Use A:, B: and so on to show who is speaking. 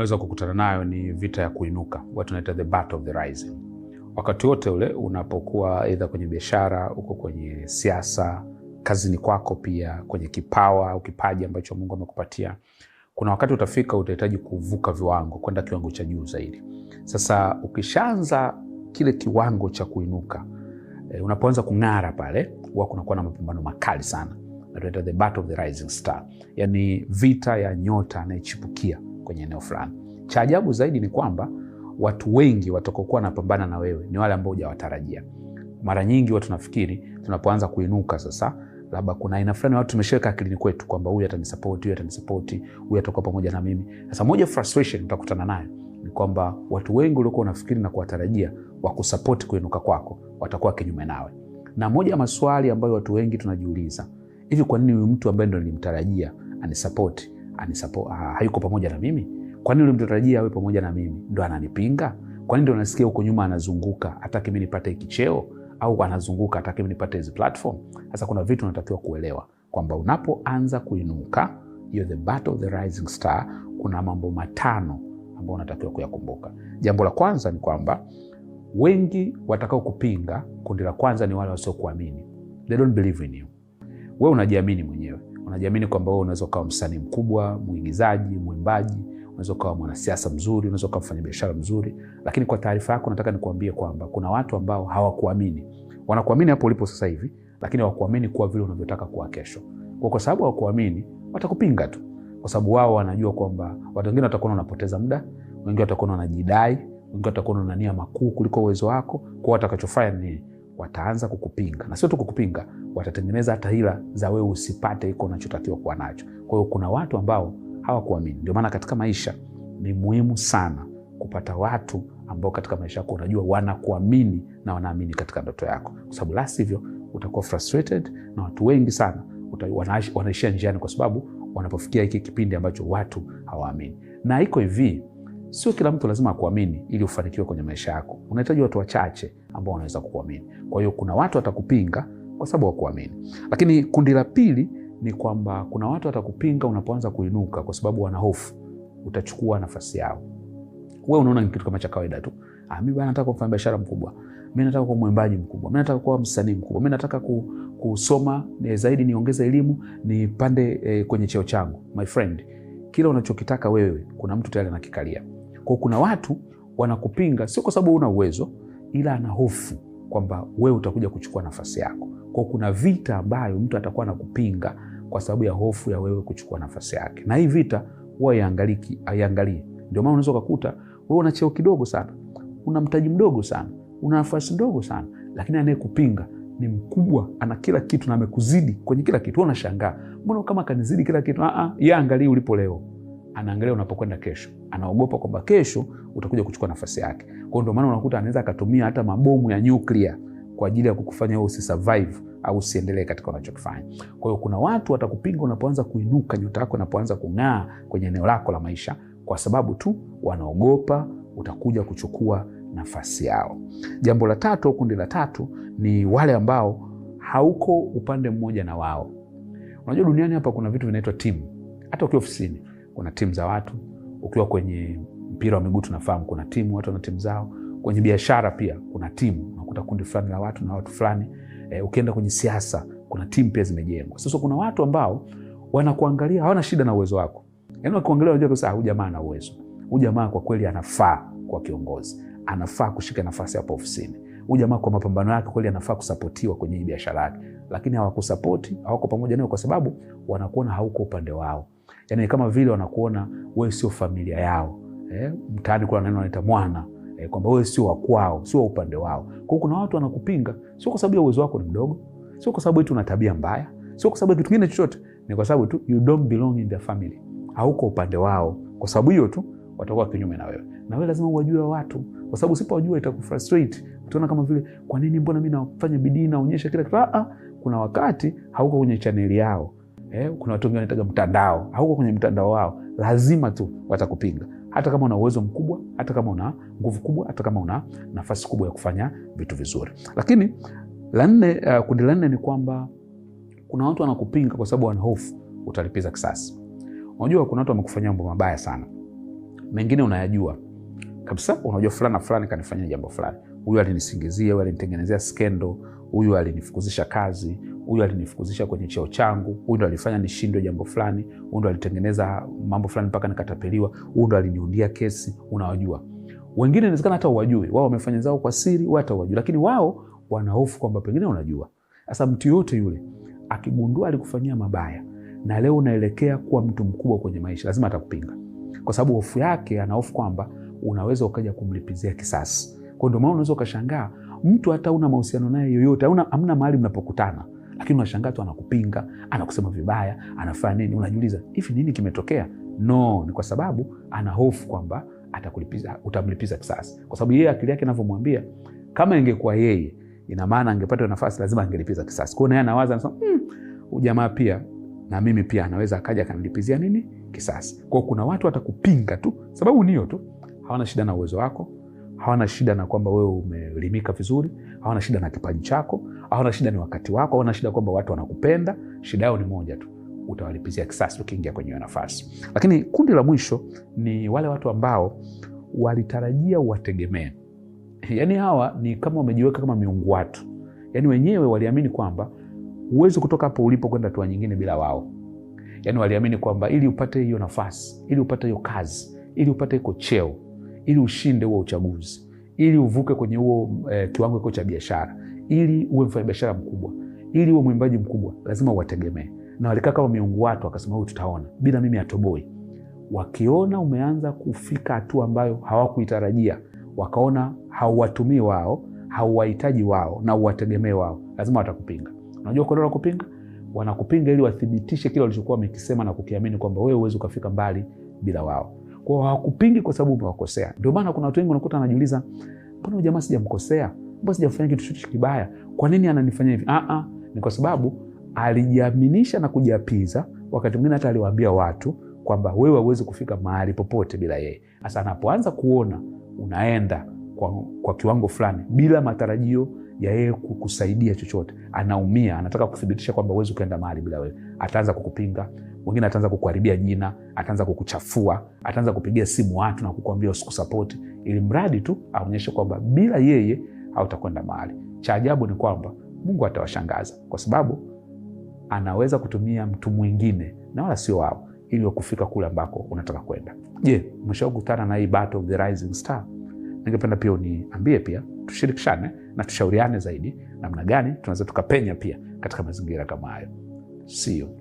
A: unaweza kukutana nayo ni vita ya kuinuka, watu wanaita the battle of the rising. Wakati wote ule unapokuwa aidha kwenye biashara, uko kwenye siasa, kazini kwako, pia kwenye kipawa au kipaji ambacho Mungu amekupatia, kuna wakati utafika, utahitaji kuvuka viwango kwenda kiwango cha juu zaidi. Sasa ukishaanza kile kiwango cha kuinuka e, unapoanza kung'ara pale, huwa kunakuwa na mapambano makali sana, the battle of the rising star, yani vita ya nyota anayechipukia kwenye eneo fulani. Cha ajabu zaidi ni kwamba watu wengi watakokuwa wanapambana na wewe ni wale ambao hujawatarajia. Mara nyingi watu nafikiri tunapoanza kuinuka sasa, labda kuna aina fulani watu tumeshaweka akilini kwetu kwamba huyu atanisapoti, huyu atanisapoti, huyu atakuwa pamoja na mimi. Sasa moja frustration utakutana nayo ni kwamba watu wengi uliokuwa unafikiri na kuwatarajia wakusupport kuinuka kwako watakuwa kinyume nawe, na moja ya maswali ambayo watu wengi tunajiuliza hivi, kwa nini huyu mtu ambaye ndo nilimtarajia anisapoti anisupport, ah, hayuko pamoja na mimi? Kwa nini ulimtarajia awe pamoja na mimi? Ndo ananipinga? Kwa nini ndo nasikia huko nyuma anazunguka, hataki mimi nipate kicheo au anazunguka, hataki mimi nipate hizi platform? Sasa kuna vitu unatakiwa kuelewa kwamba unapoanza kuinuka hiyo the battle of the rising star, kuna mambo matano ambayo unatakiwa kuyakumbuka. Jambo la kwanza ni kwamba wengi watakao kupinga, kundi la kwanza ni wale wasiokuamini, they don't believe in you. Wewe unajiamini mwenyewe unajiamini kwamba wewe unaweza ukawa msanii mkubwa, mwigizaji, mwimbaji, unaweza ukawa mwanasiasa mzuri, unaweza ukawa mfanyabiashara mzuri, lakini kwa taarifa yako nataka nikuambie kwamba kuna watu ambao hawakuamini. Wanakuamini hapo ulipo sasa hivi, lakini hawakuamini kuwa vile unavyotaka kuwa kesho. Kwa, kwa sababu hawakuamini, watakupinga tu, kwa sababu wao wanajua kwamba watu wengine watakuwa wanapoteza muda, wengine watakuwa wanajidai, wengine watakuwa na nia makuu kuliko uwezo wako. Kwa watakachofanya ni wataanza kukupinga, na sio tu kukupinga, watatengeneza hata hila za wewe usipate iko unachotakiwa kuwa nacho. Kwa hiyo kuna watu ambao hawakuamini. Ndio maana katika maisha ni muhimu sana kupata watu ambao katika maisha yako unajua wanakuamini na wanaamini katika ndoto yako, kwa sababu la sivyo utakuwa frustrated, na watu wengi sana wanaishia njiani, kwa sababu wanapofikia hiki kipindi ambacho watu hawaamini. Na iko hivi Sio kila mtu lazima akuamini ili ufanikiwe kwenye maisha yako. Unahitaji watu wachache ambao wanaweza kukuamini. Kwa hiyo kuna watu watakupinga kwa sababu wakuamini, lakini kundi la pili ni kwamba kuna watu watakupinga unapoanza kuinuka kwa sababu wana hofu utachukua nafasi yao. Wewe unaona ni kitu kama cha kawaida tu. Ah, mimi bwana nataka kuwa biashara mkubwa. Mimi nataka kuwa mwimbaji mkubwa. Mimi nataka kuwa msanii mkubwa. Mimi nataka ku, kusoma eh, zaidi niongeze elimu nipande eh, kwenye cheo changu. My friend, kila unachokitaka wewe kuna mtu tayari anakikalia. Kwa kuna watu wanakupinga sio kwa sababu una uwezo, ila ana hofu kwamba wewe utakuja kuchukua nafasi yako. Kwa kuna vita ambayo mtu atakuwa anakupinga kwa sababu ya hofu ya wewe kuchukua nafasi yake, na hii vita huwa haiangalii. Ndio maana unaweza ukakuta wewe una cheo kidogo sana, una mtaji mdogo sana, una nafasi ndogo sana, lakini anayekupinga ni mkubwa, ana kila kitu na amekuzidi kwenye kila kitu. Unashangaa, mbona kama kanizidi kila kitu? Aa, ah, ah, yeye angalii ulipo leo anaangalia unapokwenda kesho, anaogopa kwamba kesho utakuja kuchukua nafasi yake. Kwa hiyo ndio maana unakuta anaweza akatumia hata mabomu ya nyuklia kwa ajili ya kukufanya wewe usisurvive au usiendelee katika unachokifanya. Kwa hiyo kuna watu watakupinga unapoanza kuinuka, nyota yako inapoanza kung'aa kwenye eneo lako la maisha, kwa sababu tu wanaogopa utakuja kuchukua nafasi yao. Jambo la tatu au kundi la tatu ni wale ambao hauko upande mmoja na wao. Unajua duniani hapa kuna vitu vinaitwa timu, hata ukiwa ofisini kuna timu za watu. Ukiwa kwenye mpira wa miguu tunafahamu kuna timu, watu wana timu zao. Kwenye biashara pia kuna timu, unakuta kundi fulani la watu na watu fulani. E, ukienda kwenye siasa kuna timu pia zimejengwa. Sasa kuna watu ambao wanakuangalia hawana shida na uwezo wako, yaani wakikuangalia wanajua kabisa ah, huyu jamaa ana uwezo, huyu jamaa kwa kweli anafaa kwa kiongozi, anafaa kushika nafasi hapo ofisini, huyu jamaa kwa mapambano yake kweli anafaa kusapotiwa kwenye hii biashara yake, lakini hawakusapoti, hawako pamoja nayo kwa sababu wanakuona hauko upande wao yani kama vile wanakuona wewe sio familia yao eh. Mtaani kuna neno wanaita mwana eh, kwamba wewe sio wa kwao, sio wa upande wao. Kwa hiyo kuna watu wanakupinga, sio kwa sababu ya uwezo wako ni mdogo, sio kwa sababu eti una tabia mbaya, sio kwa sababu kitu kingine chochote, ni kwa sababu tu you don't belong in their family, hauko upande wao. Kwa sababu hiyo tu watakuwa kinyume na wewe, na wewe lazima uwajue watu, kwa sababu usipowajua itakufrustrate. Utaona kama vile kwa nini, mbona mimi nafanya bidii, naonyesha kila kitu. Ah, ah. Kuna wakati hauko kwenye chaneli yao eh, kuna watu wengine wanahitaji mtandao, hauko kwenye mtandao wao, lazima tu watakupinga, hata kama una uwezo mkubwa, hata kama una nguvu kubwa, hata kama una nafasi kubwa ya kufanya vitu vizuri. Lakini la nne, uh, kundi la nne ni kwamba kuna watu wanakupinga kwa sababu wana hofu utalipiza kisasi. Unajua kuna watu wamekufanyia mambo mabaya sana, mengine unayajua kabisa, unajua fulani fulani kanifanyia jambo fulani, huyu alinisingizia, huyu alinitengenezea skendo huyu alinifukuzisha kazi, huyu alinifukuzisha kwenye cheo changu, huyu ndo alifanya nishindwe jambo fulani, huyu ndo alitengeneza mambo fulani mpaka nikatapeliwa, huyu ndo aliniundia kesi. Unawajua wengine, inawezekana hata uwajui, wao wamefanya zao kwa siri, wao hata uwajui, lakini wao wanahofu kwamba pengine unajua. Sasa mtu yote yule akigundua alikufanyia mabaya na leo unaelekea kuwa mtu mkubwa kwenye maisha, lazima atakupinga, kwa sababu hofu yake, anahofu kwamba unaweza ukaja kumlipizia kisasi. Kwa ndio maana unaweza ukashangaa mtu hata una mahusiano naye yoyote, hamna mahali mnapokutana, lakini unashangaa tu anakupinga, anakusema vibaya, anafanya nini? Unajiuliza, hivi nini kimetokea? No, ni kwa sababu ana hofu kwamba atakulipiza, utamlipiza kisasi, kwa sababu yeye akili yake inavyomwambia, kama ingekuwa yeye, ina maana angepata nafasi, lazima angelipiza kisasi. Kwa hiyo naye anawaza, anasema mmm, jamaa pia na mimi pia anaweza akaja akanilipizia nini kisasi. Kwa hiyo kuna watu watakupinga tu, sababu niyo tu, hawana shida na uwezo wako hawana shida na kwamba wewe umelimika vizuri, hawana shida na kipaji chako, hawana shida ni wakati wako, hawana shida kwamba watu wanakupenda. Shida yao ni moja tu, utawalipizia kisasi ukiingia kwenye hiyo nafasi. Lakini kundi la mwisho ni wale watu ambao walitarajia uwategemee. Yani hawa ni kama wamejiweka kama miungu watu, yani wenyewe waliamini kwamba huwezi kutoka hapo ulipo kwenda hatua nyingine bila wao. Yani waliamini kwamba ili upate hiyo nafasi, ili upate hiyo kazi, ili upate iko cheo ili ushinde huo uchaguzi, ili uvuke kwenye huo e, kiwango kiko cha biashara, ili uwe mfanyabiashara mkubwa, ili uwe mwimbaji mkubwa, lazima uwategemee. Na walikaa kama miungu watu, wakasema huyu tutaona, bila mimi atoboi. Wakiona umeanza kufika hatua ambayo hawakuitarajia, wakaona hauwatumii wao, hauwahitaji wao na uwategemee wao, lazima watakupinga. Unajua kwa nini wanakupinga? Wanakupinga ili wathibitishe kile walichokuwa wamekisema na kukiamini kwamba wewe huwezi ukafika mbali bila wao. Kwa hawakupingi kwa sababu umewakosea. Ndio maana kuna watu wengi wanakuta anajiuliza, mbona huyu jamaa sijamkosea? Mbona sijafanya kitu chochote kibaya? Kwa nini ananifanya hivi? Ah ah, ni kwa sababu alijiaminisha na kujiapiza. Wakati mwingine hata aliwaambia watu kwamba wewe hauwezi kufika mahali popote bila yeye. Sasa anapoanza kuona unaenda kwa, kwa kiwango fulani bila matarajio ya yeye kukusaidia chochote. Anaumia, anataka kuthibitisha kwamba uwezi ukaenda mahali bila wewe. Ataanza kukupinga, wengine ataanza kukuharibia jina, ataanza kukuchafua, ataanza kupigia simu watu na kukuambia usikusapoti, ili mradi tu aonyeshe kwamba bila yeye hautakwenda mahali. Cha ajabu ni kwamba Mungu atawashangaza kwa sababu anaweza kutumia mtu mwingine na wala sio wao ili wakufika kule ambako unataka kwenda. Je, umeshawahi na hii Battle of the Rising Star? Ningependa pia uniambie, pia tushirikishane na tushauriane zaidi namna gani tunaweza tukapenya pia katika mazingira kama hayo. See you.